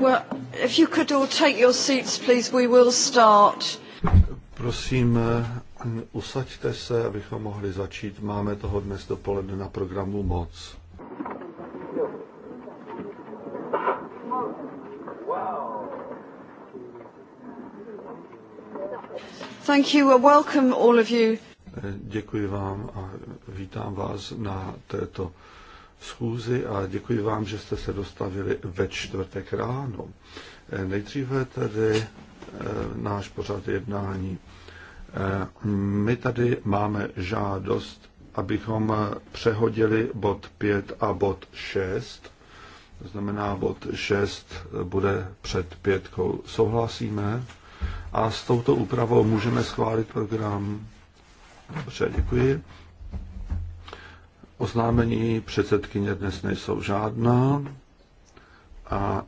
Well, if you could all take your seats, please, we will start. Prosím, eh, usaďte se, abychom mohli začít. Máme toho dnes dopoledne na programu moc. Thank you and welcome all of you. Eh, děkuji vám a vítám vás na této schůzi a děkuji vám, že jste se dostavili ve čtvrtek ráno. Eh, nejdříve tedy eh, náš pořad jednání. Eh, my tady máme žádost, abychom přehodili bod 5 a bod 6. To znamená, bod 6 bude před pětkou. Souhlasíme a s touto úpravou můžeme schválit program. Dobře, děkuji. Oznámení předsedkyně dnes nejsou žádná a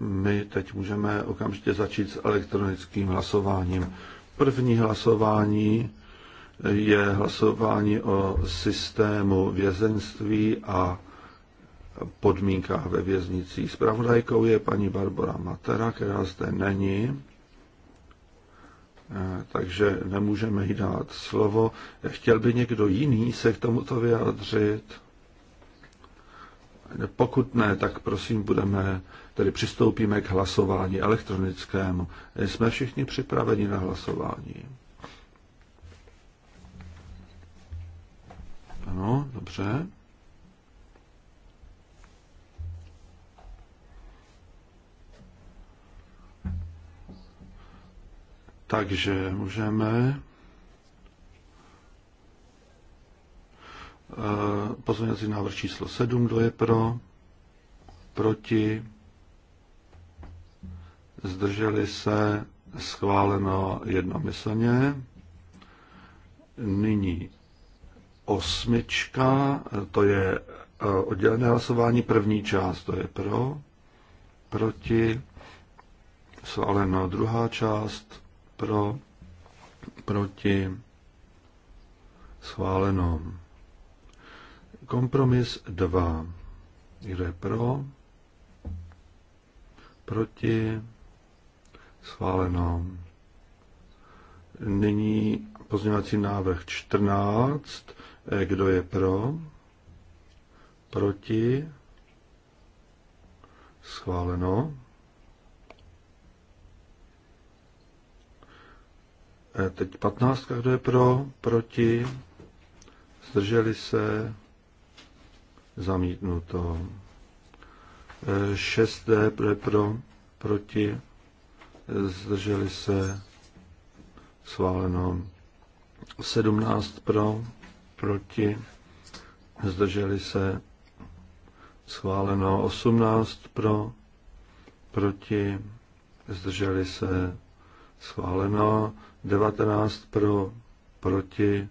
my teď můžeme okamžitě začít s elektronickým hlasováním. První hlasování je hlasování o systému vězenství a podmínkách ve věznicích. Spravodajkou je paní Barbara Matera, která zde není. Eh, takže nemůžeme jí dát slovo. Chtěl by někdo jiný se k tomuto vyjádřit? Pokud ne, tak prosím, budeme, tedy přistoupíme k hlasování elektronickému. Jsme všichni připraveni na hlasování. Ano, dobře. Takže můžeme eh, pozměňovací návrh číslo 7, kdo je pro, proti, zdrželi se, schváleno jednomyslně. Nyní osmička, to je eh, oddělené hlasování, první část, to je pro, proti, schváleno druhá část, pro, proti, schváleno. Kompromis 2. Kdo je pro? Proti? Schváleno. Nyní pozměňovací návrh 14. Kdo je pro? Proti? Schváleno. Teď patnáctka, kdo je pro, proti, zdrželi se, zamítnuto. 6 e, kdo je pro, proti, zdrželi se, schváleno. 17 pro, proti, zdrželi se, schváleno. 18 pro, proti, zdrželi se, schváleno. 19 pro, proti,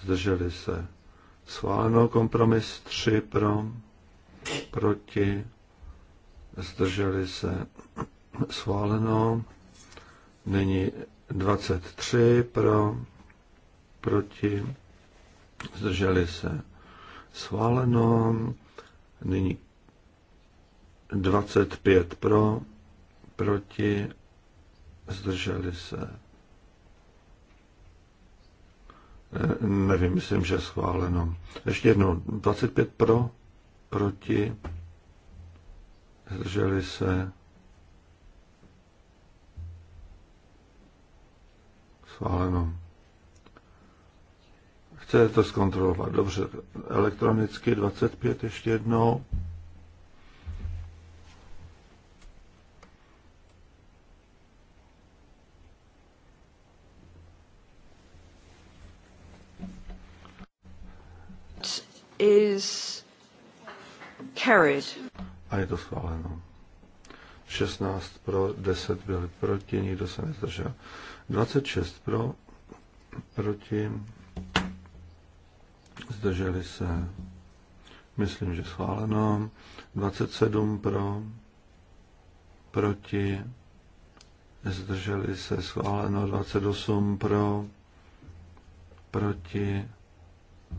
zdrželi se. Schváleno kompromis 3 pro, proti, zdrželi se. Schváleno. Není 23 pro, proti, zdrželi se. Schváleno. Není 25 pro, proti, zdrželi se Nevím, myslím, že schváleno. Ještě jednou, 25 pro, proti, zdrželi se, schváleno. Chcete to zkontrolovat? Dobře, elektronicky 25 ještě jednou. carried. A je to schváleno. 16 pro, 10 byli proti, nikdo se nezdržel. 26 pro, proti, zdrželi se, myslím, že schváleno. 27 pro, proti, zdrželi se, schváleno. 28 pro, proti,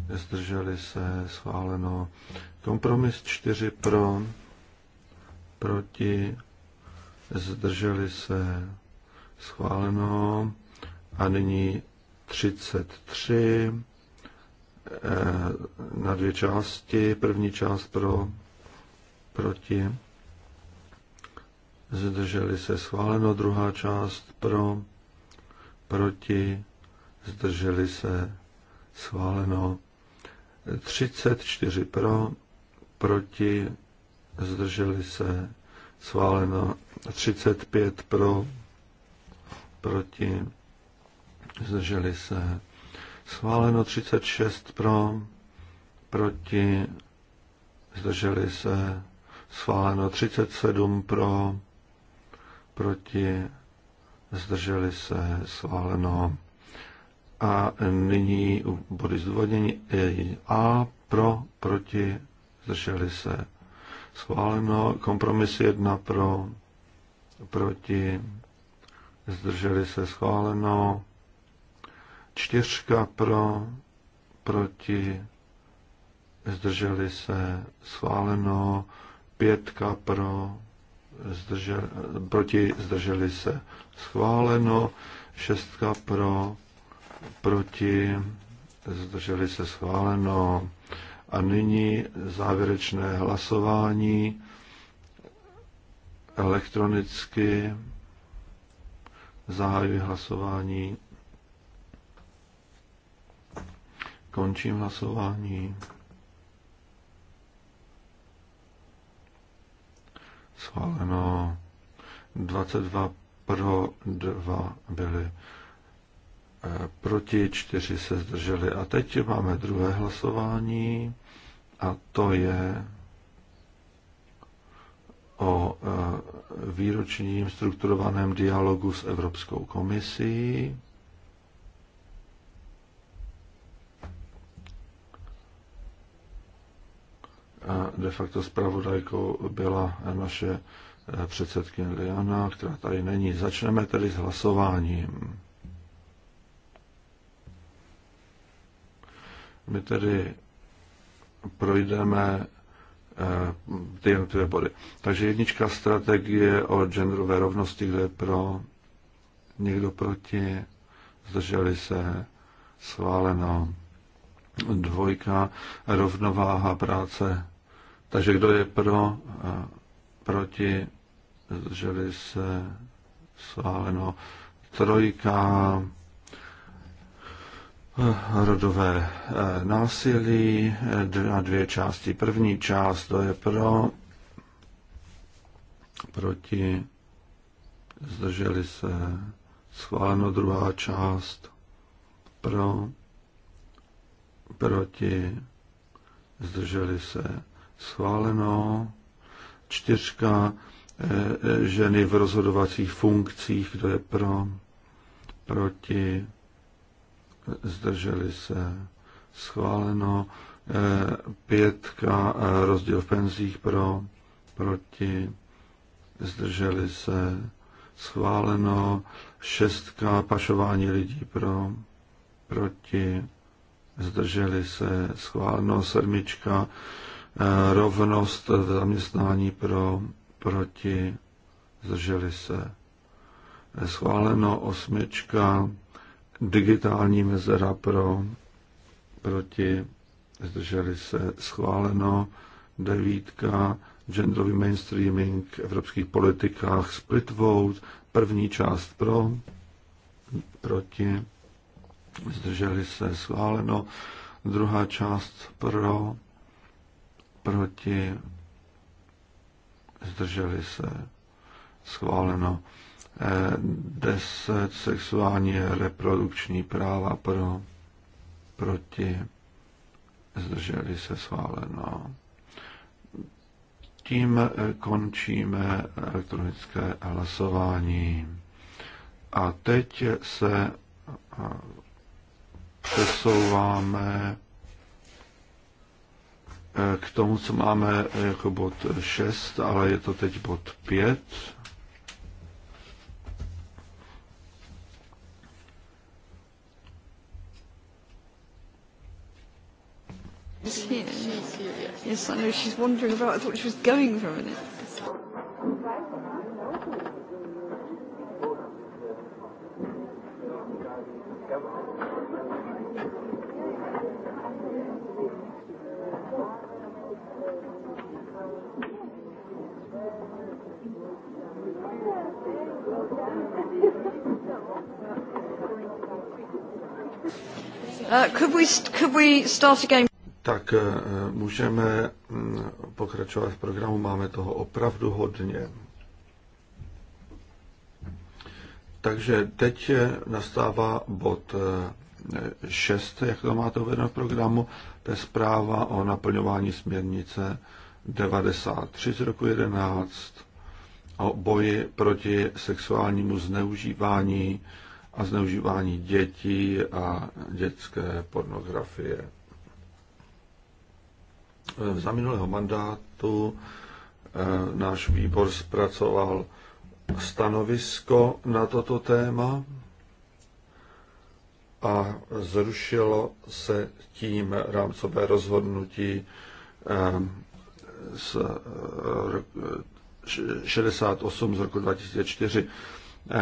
zdrželi se, schváleno. Kompromis 4 pro, proti, zdrželi se, schváleno. A nyní 33 eh, na dvě části. První část pro, proti, zdrželi se, schváleno. Druhá část pro, proti, zdrželi se, schváleno 34 pro, proti, zdrželi se, schváleno 35 pro, proti, zdrželi se, schváleno 36 pro, proti, zdrželi se, schváleno 37 pro, proti, zdrželi se, schváleno a nyní body zdůvodnění A pro, proti, zdrželi se. Schváleno kompromis 1 pro, proti, zdrželi se. Schváleno čtyřka pro, proti, zdrželi se. Schváleno pětka pro, zdržel, proti, zdrželi se. Schváleno šestka pro, proti, zdrželi se schváleno. A nyní závěrečné hlasování elektronicky. Zahajuji hlasování. Končím hlasování. Schváleno 22 pro, 2 byly proti, čtyři se zdrželi. A teď máme druhé hlasování a to je o eh, výročním strukturovaném dialogu s Evropskou komisí. A de facto zpravodajkou byla naše eh, předsedkyně Liana, která tady není. Začneme tedy s hlasováním. My tedy projdeme eh, ty jednotlivé body. Takže jednička strategie o genderové rovnosti, kde je pro, někdo proti, zdrželi se, schváleno. Dvojka, rovnováha práce. Takže kdo je pro, eh, proti, zdrželi se, schváleno. Trojka, rodové eh, násilí eh, na dvě části. První část to je pro, proti, zdrželi se, schváleno druhá část, pro, proti, zdrželi se, schváleno, čtyřka, eh, ženy v rozhodovacích funkcích, kdo je pro, proti, zdrželi se, schváleno, eh, pětka, eh, rozdíl v penzích pro, proti, zdrželi se, schváleno, šestka, pašování lidí pro, proti, zdrželi se, schváleno, sedmička, eh, rovnost v zaměstnání pro, proti, zdrželi se. Schváleno osmička, digitální mezera pro, proti, zdrželi se schváleno, devítka, genderový mainstreaming v evropských politikách, split vote, první část pro, proti, zdrželi se schváleno, druhá část pro, proti, zdrželi se schváleno. 10 sexuální reprodukční práva pro, proti, zdrželi se schváleno. Tím končíme elektronické hlasování. A teď se přesouváme e, k tomu, co máme jako bod 6, ale je to teď bod 5. Yes, I know she's wandering about. I thought she was going for a minute. Uh, could we could we start again? Tak eh, můžeme mm, pokračovat v programu, máme toho opravdu hodně. Takže teď eh, nastává bod 6, eh, jak to máte uvedeno v programu, to je zpráva o naplňování směrnice 93 z roku 11 o boji proti sexuálnímu zneužívání a zneužívání dětí a dětské pornografie. Eh, za minulého mandátu eh, náš výbor zpracoval stanovisko na toto téma a zrušilo se tím rámcové rozhodnutí eh, z 68 z roku 2004.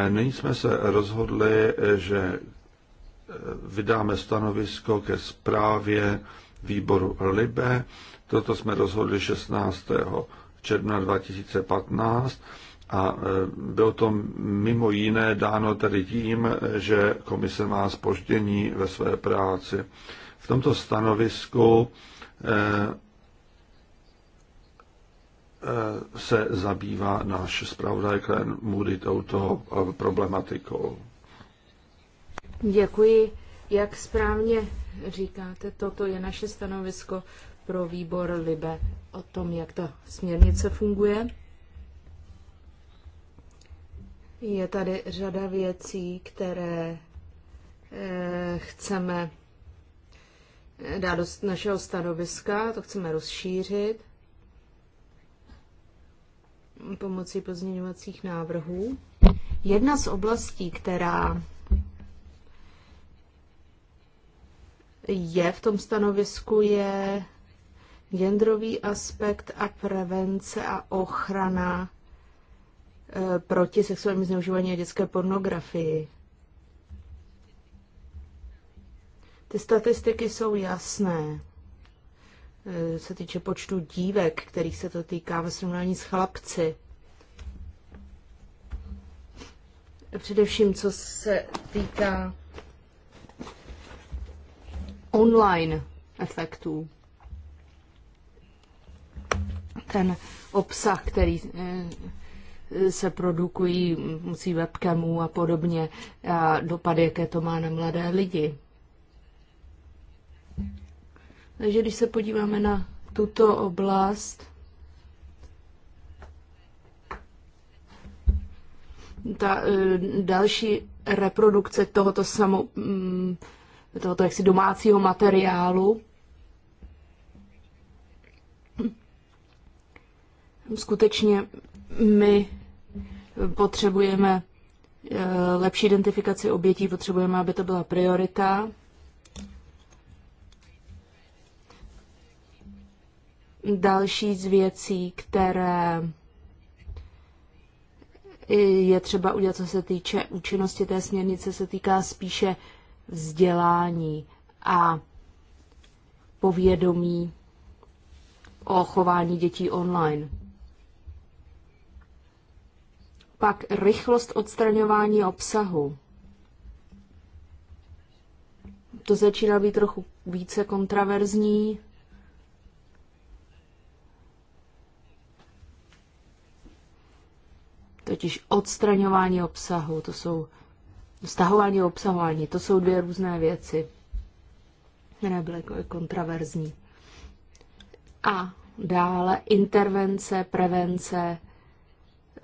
Nyní jsme se rozhodli, že vydáme stanovisko ke zprávě výboru LIBE. Toto jsme rozhodli 16. června 2015 a e, bylo to mimo jiné dáno tedy tím, že komise má spoždění ve své práci. V tomto stanovisku e, e, se zabývá náš zpravodaj Klen Moody touto problematikou. Děkuji. Jak správně říkáte, toto je naše stanovisko pro výbor LIBE o tom, jak ta směrnice funguje. Je tady řada věcí, které eh, chceme dát do našeho stanoviska, to chceme rozšířit pomocí pozměňovacích návrhů. Jedna z oblastí, která je v tom stanovisku, je genderový aspekt a prevence a ochrana eh, proti sexuálnímu zneužívání a dětské pornografii. Ty statistiky jsou jasné. Eh, se týče počtu dívek, kterých se to týká ve srovnání s chlapci. Především co se týká online efektů. Ten obsah, který eh, se produkují musí webcamů a podobně a dopady, jaké to má na mladé lidi. Takže když se podíváme na tuto oblast, ta eh, další reprodukce tohoto samo, mm, tohoto jaksi domácího materiálu. Skutečně my potřebujeme eh, lepší identifikaci obětí, potřebujeme, aby to byla priorita. Další z věcí, které je třeba udělat, co se týče účinnosti té směrnice, se týká spíše vzdělání a povědomí o chování dětí online. Pak rychlost odstraňování obsahu. To začíná být trochu více kontraverzní. Totiž odstraňování obsahu, to jsou Stahování a obsahování, to jsou dvě různé věci, které byly jako kontraverzní. A dále intervence, prevence,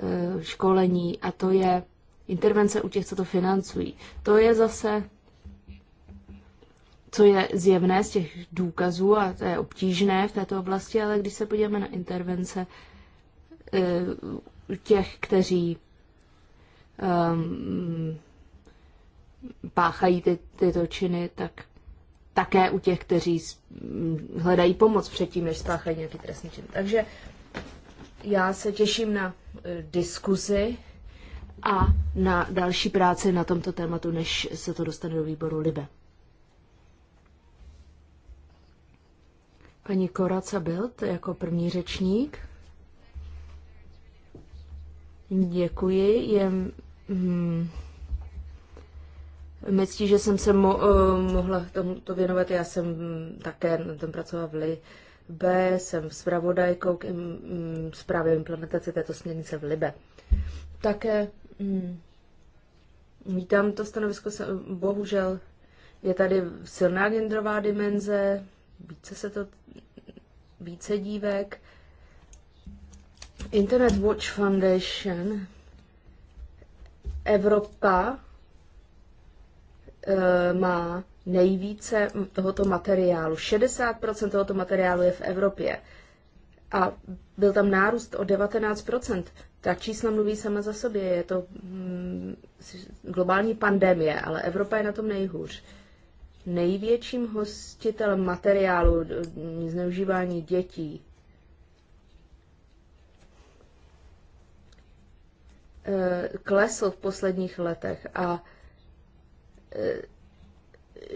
eh, školení a to je intervence u těch, co to financují. To je zase, co je zjevné z těch důkazů a to je obtížné v této oblasti, ale když se podíváme na intervence eh, těch, kteří um, páchají ty, tyto činy, tak také u těch, kteří hledají pomoc předtím, než spáchají nějaký trestný čin. Takže já se těším na e, diskuzi a na další práci na tomto tématu, než se to dostane do výboru Libe. Paní Koraca Bild jako první řečník. Děkuji. Je, hmm, myslí, že jsem se mo, eh, mohla tomuto věnovat. Já jsem také na tom pracovala v Libe, jsem zpravodajkou k mm, zprávě implementace této směrnice v Libe. Také mm, vítám to stanovisko, bohužel je tady silná genderová dimenze, více se to, více dívek. Internet Watch Foundation Evropa Eh, má nejvíce tohoto materiálu. 60% tohoto materiálu je v Evropě a byl tam nárůst o 19%. Ta čísla mluví sama za sobě, je to mm, globální pandemie, ale Evropa je na tom nejhůř. Největším hostitelem materiálu mm, zneužívání dětí eh, klesl v posledních letech a E,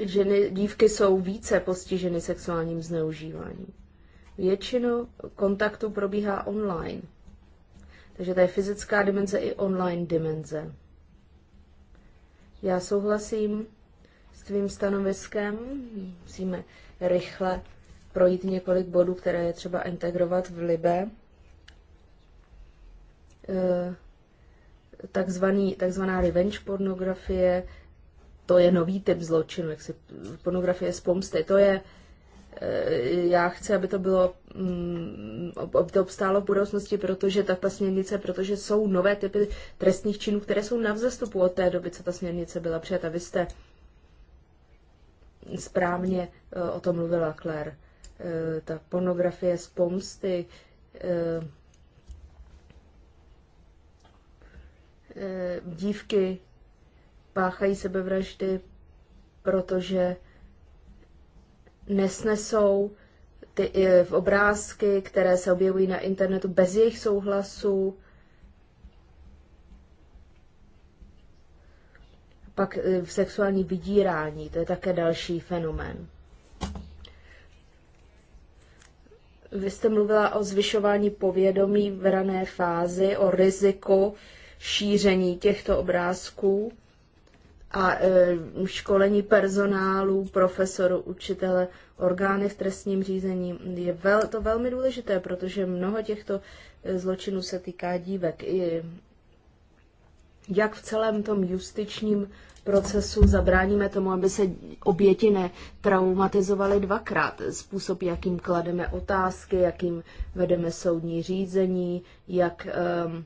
ženy, dívky jsou více postiženy sexuálním zneužíváním. Většinu kontaktu probíhá online. Takže to je fyzická dimenze i online dimenze. Já souhlasím s tvým stanoviskem. Musíme rychle projít několik bodů, které je třeba integrovat v Libe. E, takzvaný, takzvaná revenge pornografie, to je nový typ zločinu, jak si pornografie z pomsty, to je, eh, já chci, aby to bylo, mm, aby to obstálo v budoucnosti, protože ta, ta směrnice, protože jsou nové typy trestných činů, které jsou na vzestupu od té doby, co ta směrnice byla přijata. Vy jste správně eh, o tom mluvila, Claire. Eh, ta pornografie z pomsty, dívky páchají sebevraždy, protože nesnesou ty eh, v obrázky, které se objevují na internetu bez jejich souhlasu. Pak eh, v sexuální vydírání, to je také další fenomén. Vy jste mluvila o zvyšování povědomí v rané fázi, o riziku šíření těchto obrázků a e, školení personálu, profesoru, učitele, orgány v trestním řízení. Je vel, to velmi důležité, protože mnoho těchto e, zločinů se týká dívek. I jak v celém tom justičním procesu zabráníme tomu, aby se oběti netraumatizovaly dvakrát. Způsob, jakým klademe otázky, jakým vedeme soudní řízení, jak ehm,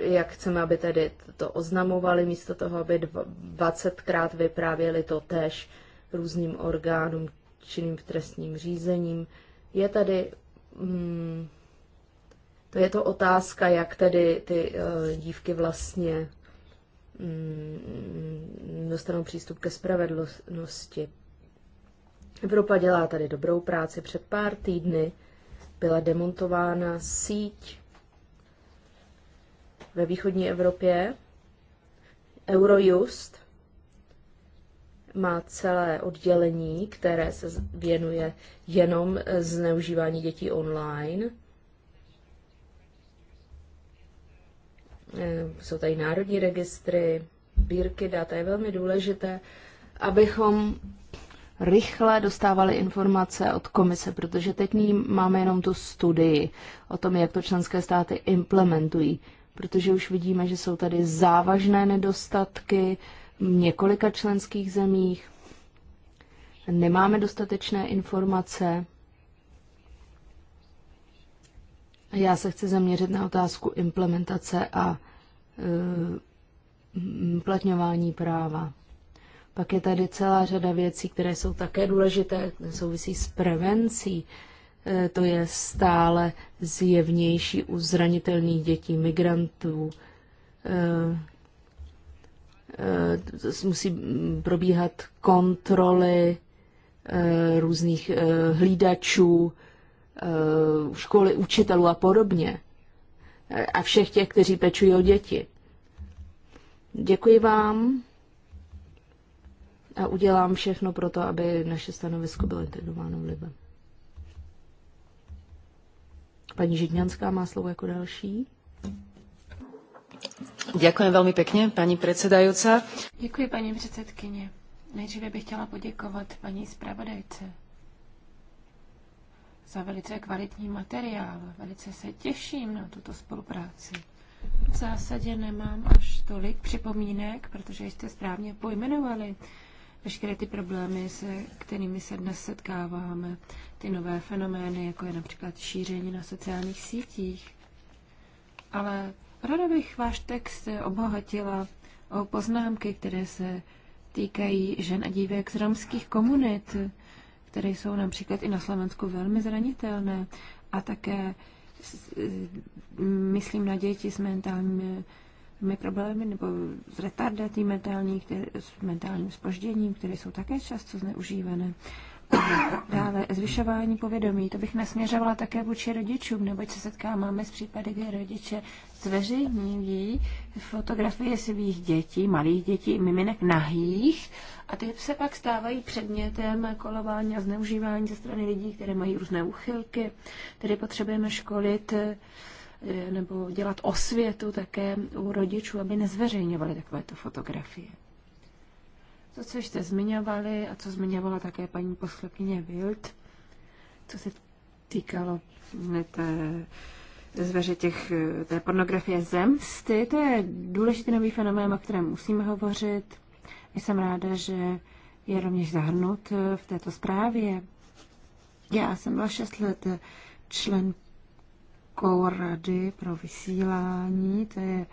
jak chceme, aby tedy to oznamovali, místo toho, aby 20krát vyprávěli to tež různým orgánům činným v trestním řízením. Je tady, mm, to je to otázka, jak tedy ty uh, dívky vlastně mm, dostanou přístup ke spravedlnosti. Evropa dělá tady dobrou práci. Před pár týdny byla demontována síť ve východní Evropě. Eurojust má celé oddělení, které se věnuje jenom zneužívání dětí online. Eh, jsou tady národní registry, bírky, data. Je velmi důležité, abychom rychle dostávali informace od komise, protože teď máme jenom tu studii o tom, jak to členské státy implementují protože už vidíme, že jsou tady závažné nedostatky v několika členských zemích. Nemáme dostatečné informace. Já se chci zaměřit na otázku implementace a eh, uplatňování práva. Pak je tady celá řada věcí, které jsou také důležité, souvisí s prevencí. E, Eh, to je stále zjevnější u zranitelných dětí, migrantů. Eh, eh, musí probíhat kontroly různých hlídačů, školy, učitelů a podobně. A všech těch, kteří pečují o děti. Děkuji vám a udělám všechno pro to, aby naše stanovisko bylo integrováno v Libanu. Paní Židňanská má slovo jako další. Děkuji velmi pěkně, paní předsedající. Děkuji, paní předsedkyně. Nejdříve bych chtěla poděkovat paní zpravodajce za velice kvalitní materiál. Velice se těším na tuto spolupráci. V zásadě nemám až tolik připomínek, protože jste správně pojmenovali veškeré ty problémy, se kterými se dnes setkáváme, ty nové fenomény, jako je například šíření na sociálních sítích. Ale ráda bych váš text obohatila o poznámky, které se týkají žen a dívek z romských komunit, které jsou například i na Slovensku velmi zranitelné a také myslím na děti s mentálními těmi problémy nebo s retardatí mentální, které, s mentálním spožděním, které jsou také často zneužívané. Dále zvyšování povědomí, to bych nasměřovala také vůči rodičům, neboť se setkáváme s případy, kdy rodiče zveřejňují fotografie svých dětí, malých dětí, miminek nahých a ty se pak stávají předmětem kolování a zneužívání ze strany lidí, které mají různé úchylky, tedy potřebujeme školit Eh, nebo dělat osvětu také u rodičů, aby nezveřejňovali takovéto fotografie. To, co jste zmiňovali a co zmiňovala také paní poslankyně Wild, co se týkalo té, zveře těch, eh, té pornografie zemsty, to je důležitý nový fenomén, o kterém musíme hovořit. Jsem ráda, že je rovněž zahrnut eh, v této zprávě. Já jsem byla šest let člen Slovenskou rady pro vysílání, to je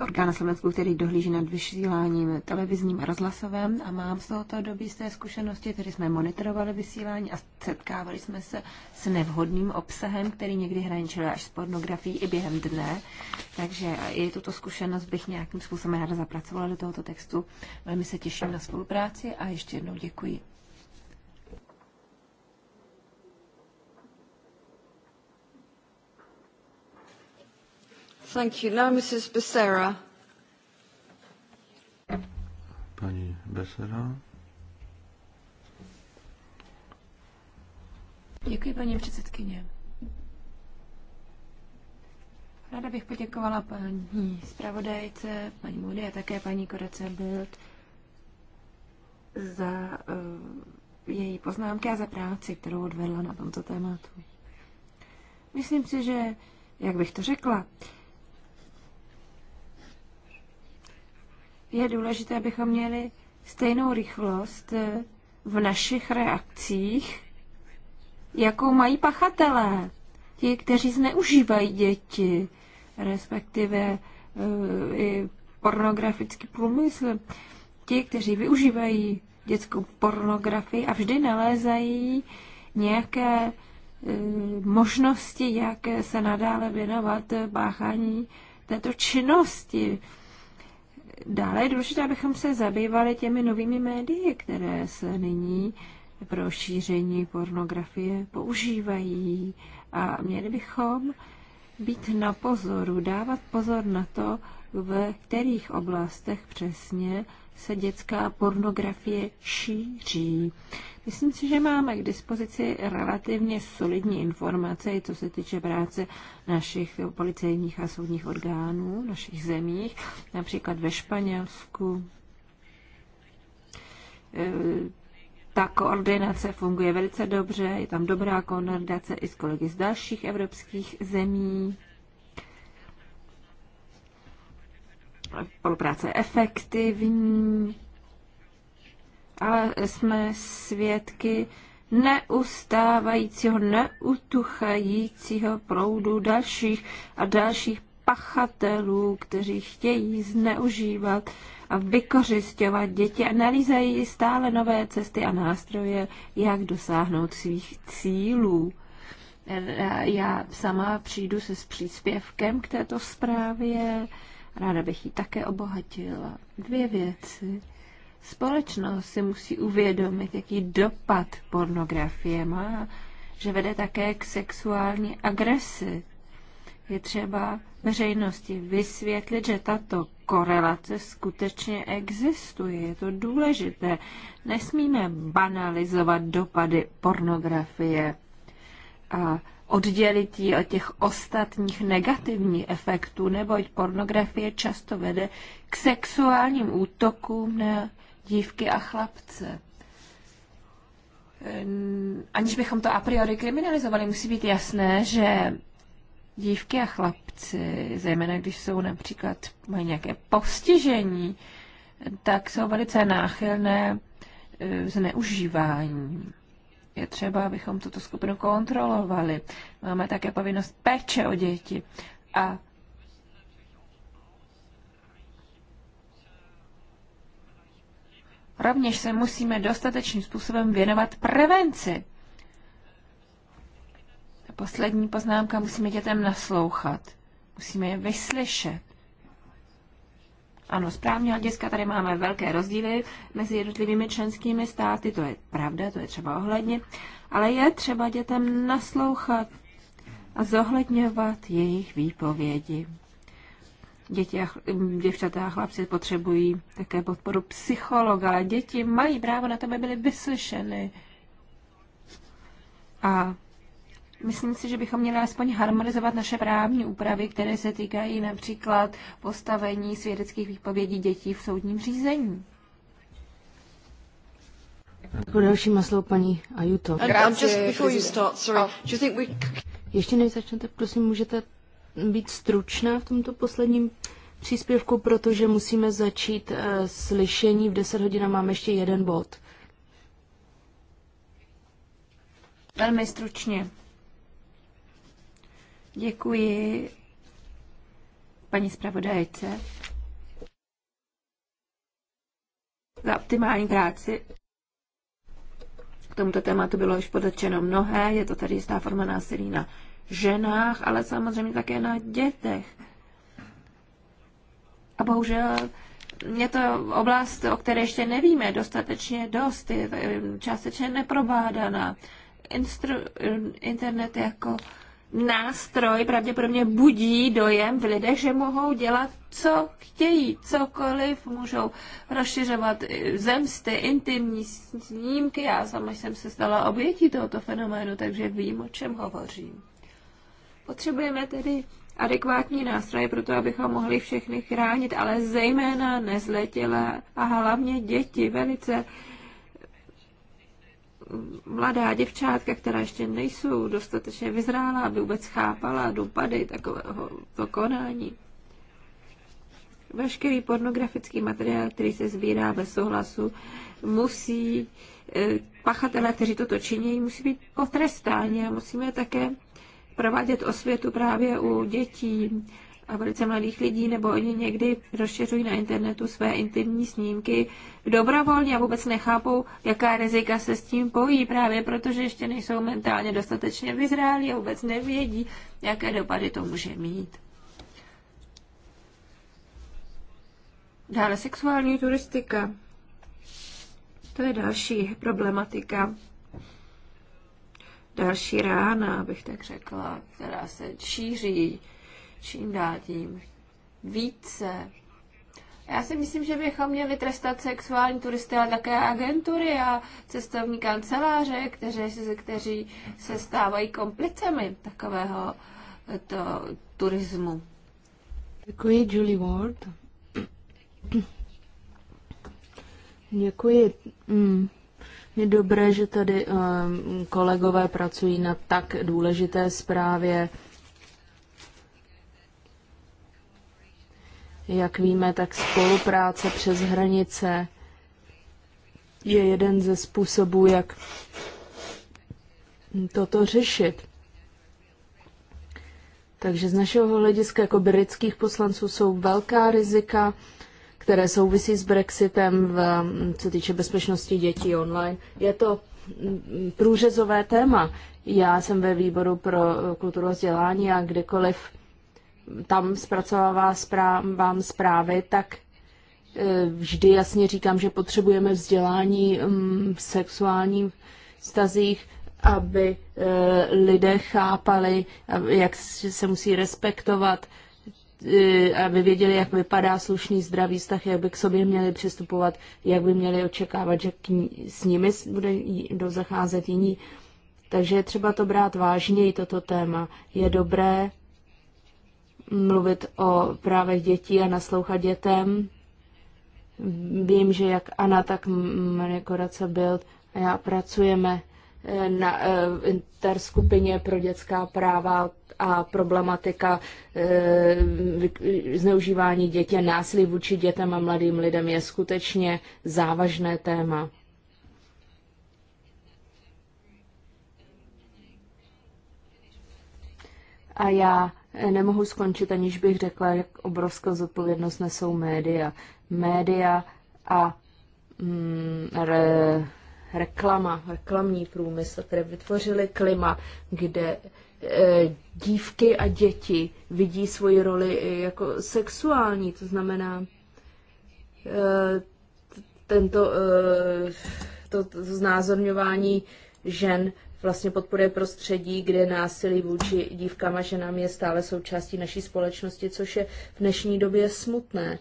orgán na Slovensku, který dohlíží nad vysíláním televizním a rozhlasovém a mám z tohoto doby z té zkušenosti, tedy jsme monitorovali vysílání a setkávali jsme se s nevhodným obsahem, který někdy hraničil až s pornografií i během dne, takže i tuto zkušenost bych nějakým způsobem ráda zapracovala do tohoto textu. Velmi se těším na spolupráci a ještě jednou děkuji. Thank you. Now Mrs. Becerra. Paní Becerra. Děkuji, paní předsedkyně. Ráda bych poděkovala paní zpravodajce, paní Moody a také paní Korece Bild za uh, její poznámky a za práci, kterou odvedla na tomto tématu. Myslím si, že, jak bych to řekla, uh, je důležité, abychom měli stejnou rychlost eh, v našich reakcích, jakou mají pachatelé, ti, kteří zneužívají děti, respektive eh, i pornografický průmysl, ti, kteří využívají dětskou pornografii a vždy nalézají nějaké eh, možnosti, jak se nadále věnovat páchání této činnosti. Dále je důležité, abychom se zabývali těmi novými médii, které se nyní pro šíření pornografie používají. A měli bychom být na pozoru, dávat pozor na to, ve kterých oblastech přesně se dětská pornografie šíří. Myslím si, že máme k dispozici relativně solidní informace, i co se týče práce našich policejních a soudních orgánů v našich zemích, například ve Španělsku. E, ta koordinace funguje velice dobře, je tam dobrá koordinace i s kolegy z dalších evropských zemí. spolupráce efektivní, ale jsme svědky neustávajícího, neutuchajícího proudu dalších a dalších pachatelů, kteří chtějí zneužívat a vykořišťovat děti a nalízají stále nové cesty a nástroje, jak dosáhnout svých cílů. Já sama přijdu se s příspěvkem k této zprávě. Ráda bych ji také obohatila. Dvě věci. Společnost si musí uvědomit, jaký dopad pornografie má, že vede také k sexuální agresi. Je třeba veřejnosti vysvětlit, že tato korelace skutečně existuje. Je to důležité. Nesmíme banalizovat dopady pornografie. A oddělit ji od těch ostatních negativních efektů, neboť pornografie často vede k sexuálním útokům na dívky a chlapce. Ehm, aniž bychom to a priori kriminalizovali, musí být jasné, že dívky a chlapci, zejména když jsou například, mají nějaké postižení, tak jsou velice náchylné ehm, zneužívání je třeba, abychom tuto skupinu kontrolovali. Máme také povinnost péče o děti. A Rovněž se musíme dostatečným způsobem věnovat prevenci. Poslední poznámka, musíme dětem naslouchat. Musíme je vyslyšet. Ano, správně hlediska tady máme velké rozdíly mezi jednotlivými členskými státy, to je pravda, to je třeba ohledně, ale je třeba dětem naslouchat a zohledňovat jejich výpovědi. Děti a děvčata a chlapci potřebují také podporu psychologa, ale děti mají právo na to, aby byly vyslyšeny. A Myslím si, že bychom měli alespoň harmonizovat naše právní úpravy, které se týkají například postavení svědeckých výpovědí dětí v soudním řízení. Jako další maslo paní Ajuto. Ještě než začnete, prosím, můžete být stručná v tomto posledním příspěvku, protože musíme začít uh, slyšení. V 10 hodin máme ještě jeden bod. Velmi stručně. Děkuji paní zpravodajce za optimální práci. K tomuto tématu bylo již podotčeno mnohé, je to tady jistá forma násilí na ženách, ale samozřejmě také na dětech. A bohužel je to oblast, o které ještě nevíme dostatečně dost, je částečně neprobádaná. Instru, internet jako nástroj pravděpodobně budí dojem v lidech, že mohou dělat, co chtějí, cokoliv, můžou rozšiřovat eh, zemsty, intimní snímky. Já sama jsem se stala obětí tohoto fenoménu, takže vím, o čem hovořím. Potřebujeme tedy adekvátní nástroje pro to, abychom mohli všechny chránit, ale zejména nezletilé a hlavně děti velice mladá děvčátka, která ještě nejsou dostatečně vyzrála, aby vůbec chápala dopady takového to konání. Veškerý pornografický materiál, který se sbírá bez souhlasu, musí eh, pachatelé, kteří toto činí, musí být potrestáni a musíme také provádět osvětu právě u dětí a velice mladých lidí, nebo oni někdy rozšiřují na internetu své intimní snímky dobrovolně a vůbec nechápou, jaká rizika se s tím pojí, právě protože ještě nejsou mentálně dostatečně vyzrálí a vůbec nevědí, jaké dopady to může mít. Dále sexuální turistika. To je další problematika. Další rána, bych tak řekla, která se šíří čím dál tím více. Já si myslím, že bychom měli trestat sexuální turisty, ale také agentury a cestovní kanceláře, kteří, se, kteří se stávají komplicemi takového eh, to, turismu. Děkuji, Julie Ward. Děkuji. Mm. Je dobré, že tady um, kolegové pracují na tak důležité zprávě. Jak víme, tak spolupráce přes hranice je jeden ze způsobů, jak toto řešit. Takže z našeho hlediska jako britských poslanců jsou velká rizika, které souvisí s Brexitem, v, co týče bezpečnosti dětí online. Je to průřezové téma. Já jsem ve výboru pro kulturu a vzdělání a kdykoliv tam zpracovává vám zprávy, tak e, vždy jasně říkám, že potřebujeme vzdělání mm, v sexuálním stazích, aby e, lidé chápali, jak se musí respektovat, e, aby věděli, jak vypadá slušný zdravý vztah, jak by k sobě měli přistupovat, jak by měli očekávat, že s nimi bude dozacházet zacházet jiní. Takže je třeba to brát vážněji, toto téma. Je dobré mluvit o právech dětí a naslouchat dětem. Vím, že jak Ana, tak Marie Korace byl a já pracujeme eh, na eh, interskupině pro dětská práva a problematika eh, zneužívání dětí násilí vůči dětem a mladým lidem je skutečně závažné téma. A já nemohu skončit, aniž bych řekla, jak obrovskou zodpovědnost nesou média. Média a mm, re, reklama, reklamní průmysl, které vytvořili klima, kde e, dívky a děti vidí svoji roli jako sexuální, to znamená e, tento e, to, to znázorňování žen vlastně podporuje prostředí, kde násilí vůči dívkám a ženám je stále součástí naší společnosti, což je v dnešní době smutné.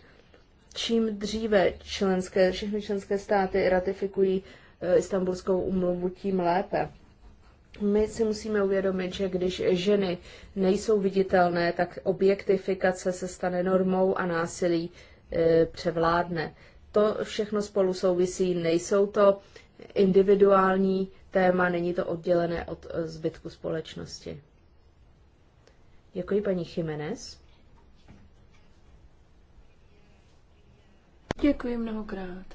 Čím dříve členské, všechny členské státy ratifikují eh, Istanbulskou umluvu, tím lépe. My si musíme uvědomit, že když ženy nejsou viditelné, tak objektifikace se stane normou a násilí eh, převládne. To všechno spolu souvisí, nejsou to individuální téma, není to oddělené od eh, zbytku společnosti. Děkuji paní Jiménez. Děkuji mnohokrát.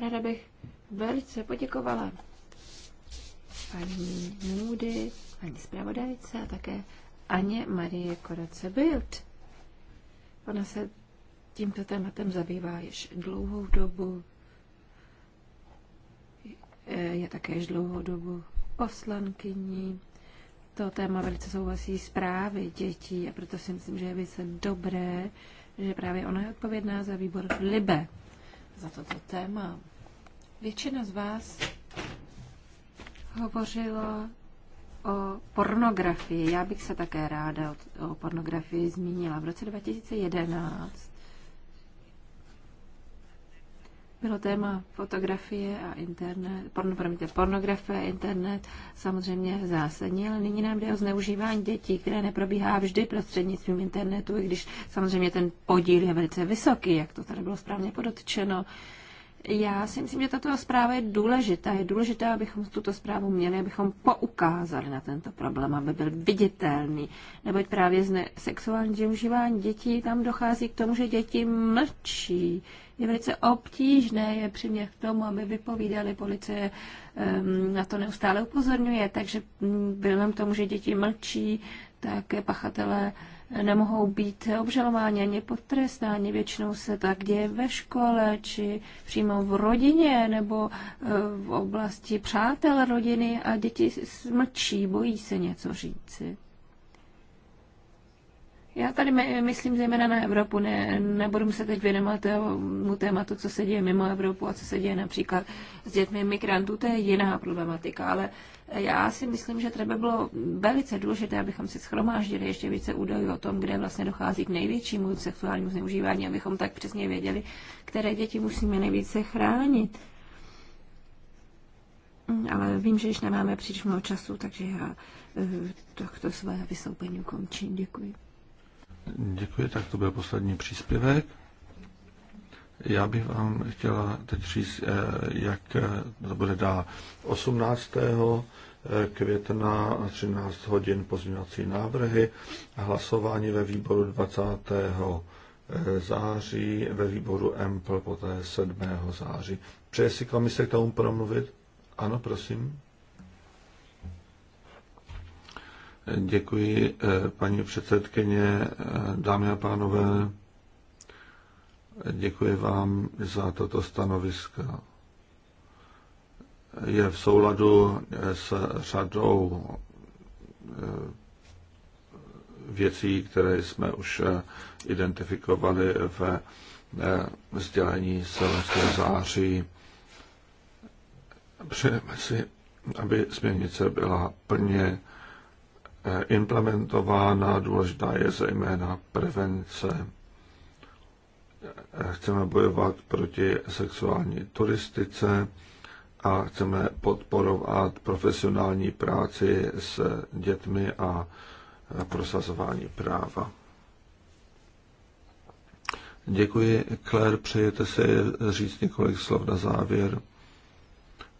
Ráda bych velice poděkovala paní Můdy, paní zpravodajce a také Aně Marie Korace Bild. Ona se tímto tématem zabývá již dlouhou dobu. Je také již dlouhou dobu poslankyní. To téma velice souvisí s právy dětí a proto si myslím, že je velice dobré, že právě ona je odpovědná za výbor Libe za toto téma. Většina z vás hovořila o pornografii. Já bych se také ráda o pornografii zmínila. V roce 2011 bylo téma fotografie a internet, porno, promiňte, pornografie a internet samozřejmě zásadní, ale nyní nám jde o zneužívání dětí, které neprobíhá vždy prostřednictvím internetu, i když samozřejmě ten podíl je velice vysoký, jak to tady bylo správně podotčeno. Uh, já si myslím, že tato zpráva je důležitá. Je důležité, abychom tuto zprávu měli, abychom poukázali na tento problém, aby byl viditelný. Neboť právě z sexuální zneužívání dětí tam dochází k tomu, že děti mlčí. Je velice obtížné je přimět k tomu, aby vypovídali. Policie ehm, na to neustále upozorňuje, takže mm, vzhledem tomu, že děti mlčí, tak pachatelé nemohou být obžalováni ani potrestáni. Většinou se tak děje ve škole, či přímo v rodině, nebo e, v oblasti přátel rodiny a děti smlčí, bojí se něco říci. Já tady myslím zejména na Evropu, ne, nebudu se teď věnovat mu tématu, co se děje mimo Evropu a co se děje například s dětmi migrantů, to je jiná problematika, ale já si myslím, že třeba bylo velice důležité, abychom si schromáždili ještě více údajů o tom, kde vlastně dochází k největšímu sexuálnímu zneužívání, abychom tak přesně věděli, které děti musíme nejvíce chránit. Ale vím, že již nemáme příliš mnoho času, takže já eh, to své vystoupení ukončím. Děkuji. Děkuji, tak to byl poslední příspěvek. Já bych vám chtěla teď říct, eh, jak eh, to bude dál. 18. Eh, května 13 hodin pozměňovací návrhy, hlasování ve výboru 20. září, ve výboru EMPL poté 7. září. Přeje si komise k tomu promluvit? Ano, prosím. Děkuji, paní předsedkyně, dámy a pánové. Děkuji vám za toto stanovisko. Je v souladu s řadou eh, věcí, které jsme už eh, identifikovali ve vzdělení z září. Přejeme si, aby směrnice byla plně eh, implementována. Důležitá je zejména prevence chceme bojovat proti sexuální turistice a chceme podporovat profesionální práci s dětmi a prosazování práva. Děkuji, Claire. Přejete se říct několik slov na závěr?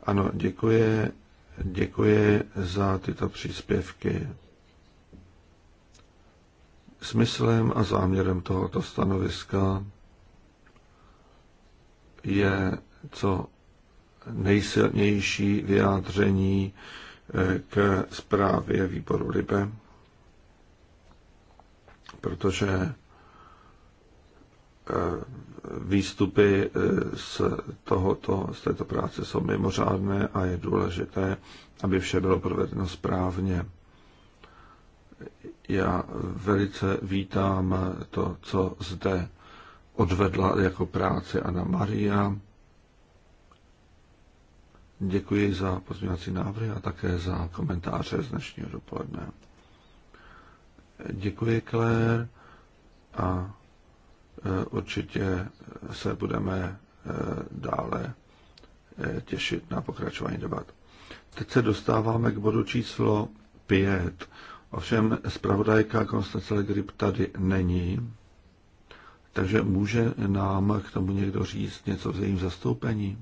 Ano, děkuji. Děkuji za tyto příspěvky. Smyslem a záměrem tohoto stanoviska je co nejsilnější vyjádření eh, k zprávě výboru Libe, protože eh, výstupy eh, z, tohoto, z této práce jsou mimořádné a je důležité, aby vše bylo provedeno správně. Já velice vítám to, co zde odvedla jako práce Anna Maria. Děkuji za pozměňovací návrhy a také za komentáře z dnešního dopoledne. Děkuji, Claire, a e, určitě se budeme e, dále e, těšit na pokračování debat. Teď se dostáváme k bodu číslo 5. Ovšem zpravodajka Konstance Legrip tady není. Takže může nám k tomu někdo říct něco z jejím zastoupení?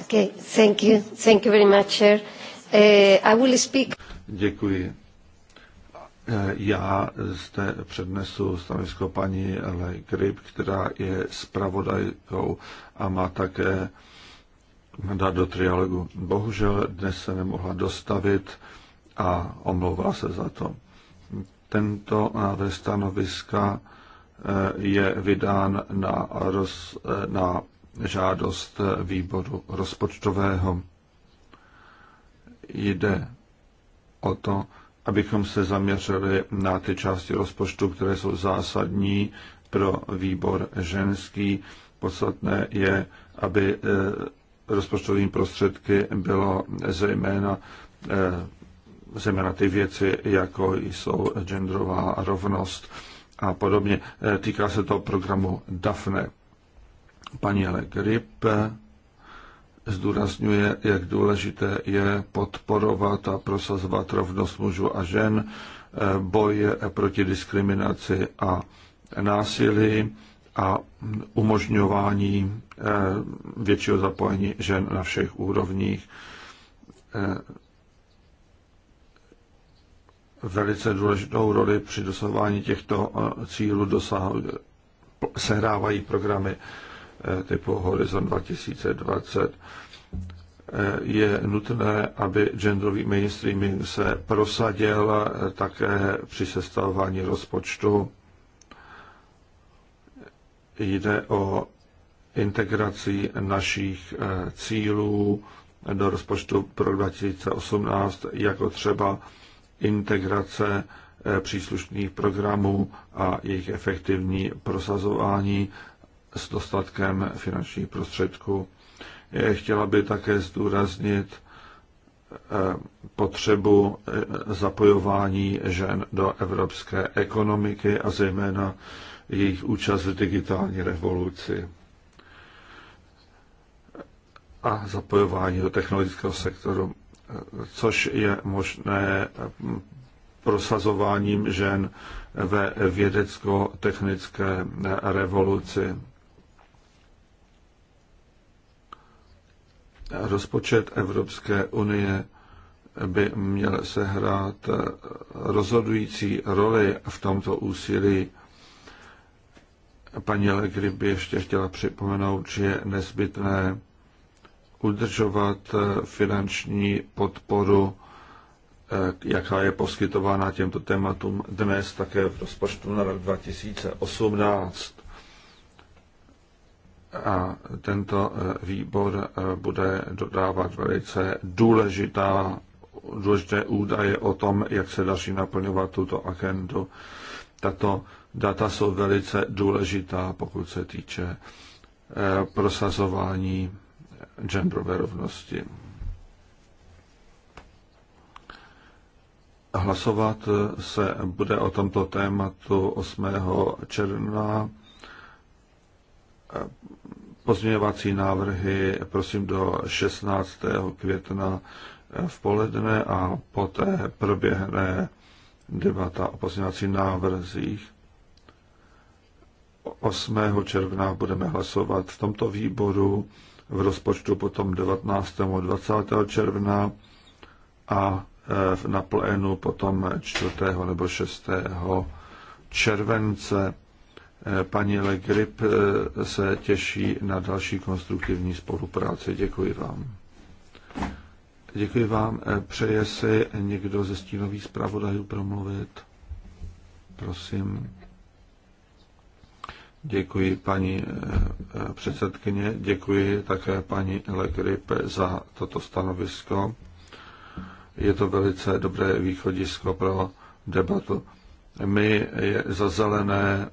Okay, thank you. Thank you very much, sir. Uh, eh, I will speak. Děkuji. Já zde přednesu stanovisko paní Le Grip, která je zpravodajkou a má také mandát do trialogu. Bohužel dnes se nemohla dostavit a omlouvá se za to. Tento návrh stanoviska eh, je vydán na, roz, eh, na žádost výboru rozpočtového. Jde o to, abychom se zaměřili na ty části rozpočtu, které jsou zásadní pro výbor ženský. Podstatné je, aby eh, rozpočtovými prostředky bylo zejména, eh, zejména ty věci, jako jsou genderová rovnost a podobně. Eh, týká se to programu DAFNE. Paní ale Grip zdůrazňuje, jak důležité je podporovat a prosazovat rovnost mužů a žen, eh, boj proti diskriminaci a násilí a umožňování eh, většího zapojení žen na všech úrovních. Eh, velice důležitou roli při dosahování těchto cílů dosahu, sehrávají programy typu Horizon 2020, eh, je nutné, aby genderový mainstreaming se prosadil také při sestavování rozpočtu. Jde o integraci našich eh, cílů do rozpočtu pro 2018, jako třeba integrace eh, příslušných programů a jejich efektivní prosazování s dostatkem finančních prostředků. Chtěla by také zdůraznit eh, potřebu eh, zapojování žen do evropské ekonomiky a zejména jejich účast v digitální revoluci a zapojování do technologického sektoru, což je možné eh, prosazováním žen ve vědecko-technické revoluci. rozpočet Evropské unie by měl sehrát rozhodující roli v tomto úsilí. Paní Legry by ještě chtěla připomenout, že je nezbytné udržovat finanční podporu, jaká je poskytována těmto tématům dnes také v rozpočtu na rok 2018 a tento eh, výbor eh, bude dodávat velice důležitá, důležité údaje o tom, jak se daří naplňovat tuto agendu. Tato data jsou velice důležitá, pokud se týče eh, prosazování genderové rovnosti. Hlasovat se bude o tomto tématu 8. června Pozměňovací návrhy prosím do 16. května v poledne a poté proběhne debata o pozměňovacích návrzích. 8. června budeme hlasovat v tomto výboru, v rozpočtu potom 19. a 20. června a e, na plénu potom 4. nebo 6. července. Eh, paní Le Grip eh, se těší na další konstruktivní spolupráci. Děkuji vám. Děkuji vám. Eh, přeje si někdo ze stínových zpravodajů promluvit? Prosím. Děkuji paní předsedkyně, děkuji také paní Legrip za toto stanovisko. Je to velice dobré východisko pro debatu. My za zelené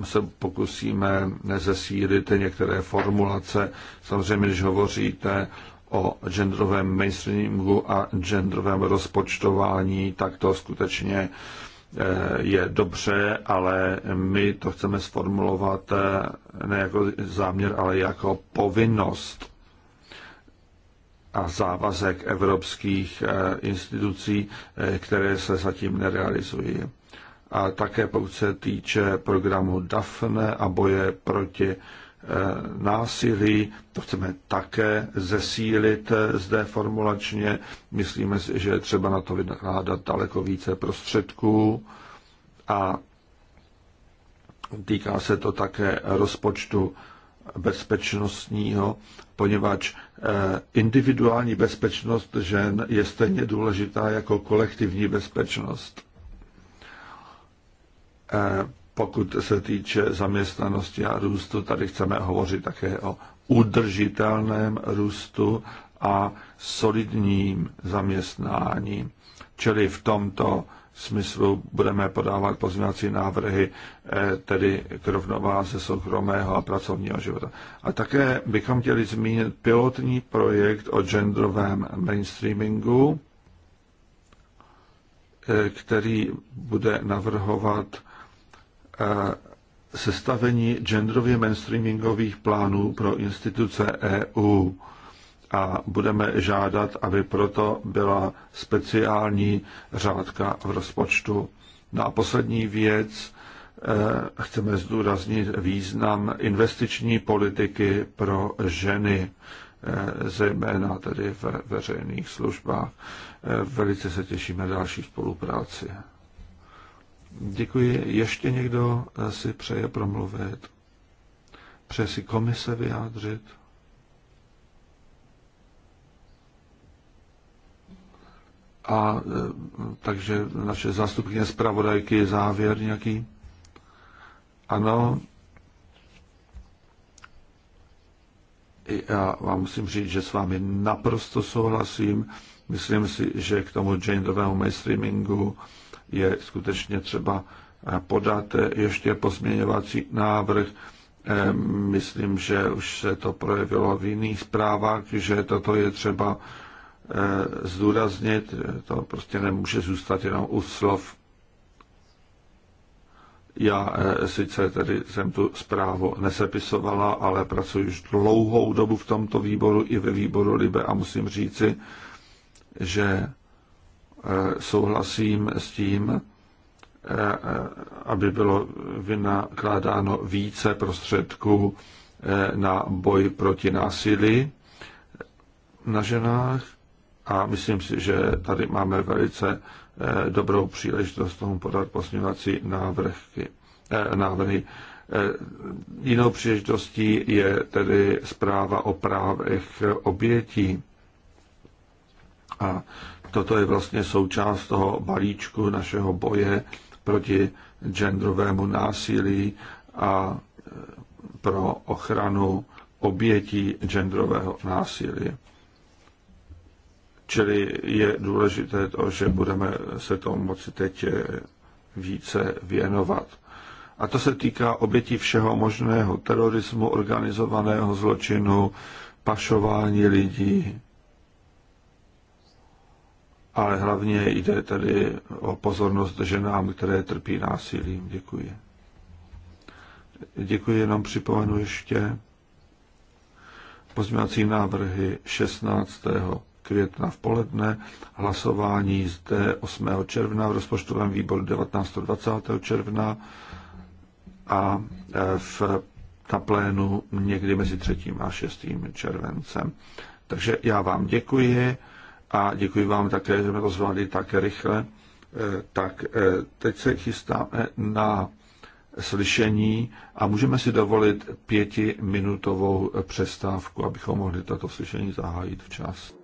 eh, se pokusíme zesílit některé formulace. Samozřejmě, když hovoříte o genderovém mainstreamingu a genderovém rozpočtování, tak to skutečně eh, je dobře, ale my to chceme sformulovat eh, ne jako záměr, ale jako povinnost a závazek evropských institucí, které se zatím nerealizují a také pokud se týče programu DAFNE a boje proti eh, násilí. To chceme také zesílit eh, zde formulačně. Myslíme si, že je třeba na to vynakládat daleko více prostředků a týká se to také rozpočtu bezpečnostního, poněvadž eh, individuální bezpečnost žen je stejně důležitá jako kolektivní bezpečnost pokud se týče zaměstnanosti a růstu, tady chceme hovořit také o udržitelném růstu a solidním zaměstnání. Čili v tomto smyslu budeme podávat pozměňovací návrhy, eh, tedy k rovnováze soukromého a pracovního života. A také bychom chtěli zmínit pilotní projekt o genderovém mainstreamingu, eh, který bude navrhovat sestavení genderově mainstreamingových plánů pro instituce EU a budeme žádat, aby proto byla speciální řádka v rozpočtu. No a poslední věc, eh, chceme zdůraznit význam investiční politiky pro ženy, eh, zejména tedy ve veřejných službách. Eh, velice se těšíme další spolupráci. Děkuji. Ještě někdo eh, si přeje promluvit? Přeje si komise vyjádřit? A eh, takže naše zástupkyně zpravodajky je závěr nějaký? Ano. Já vám musím říct, že s vámi naprosto souhlasím. Myslím si, že k tomu genderovému mainstreamingu je skutečně třeba eh, podat eh, ještě pozměňovací návrh. Eh, myslím, že už se to projevilo v jiných zprávách, že toto je třeba zdůraznit. To prostě nemůže zůstat jenom u slov. Já sice tedy jsem tu zprávu nesepisovala, ale pracuji už dlouhou dobu v tomto výboru i ve výboru Libe a musím říci, že Eh, souhlasím s tím, eh, eh, aby bylo vynakládáno více prostředků na boj proti násilí na ženách a myslím si, že tady máme velice dobrou příležitost tomu podat posměvací návrhy. návrhy. Jinou příležitostí je tedy zpráva o právech obětí. A toto je vlastně součást toho balíčku našeho boje proti genderovému násilí a e, pro ochranu obětí genderového násilí. Čili je důležité to, že budeme se tomu moci teď e, více věnovat. A to se týká obětí všeho možného, terorismu, organizovaného zločinu, pašování lidí, ale hlavně jde tady o pozornost ženám, které trpí násilím. Děkuji. Děkuji, jenom připomenu ještě pozměňovací návrhy 16. května v poledne, hlasování zde 8. června v rozpočtovém výboru 19. 20. června a e, v, na plénu někdy mezi 3. a 6. červencem. Takže já vám děkuji a děkuji vám také, že jsme to zvládli tak rychle. Eh, tak eh, teď se chystáme na slyšení a můžeme si dovolit pětiminutovou přestávku, abychom mohli tato slyšení zahájit včas.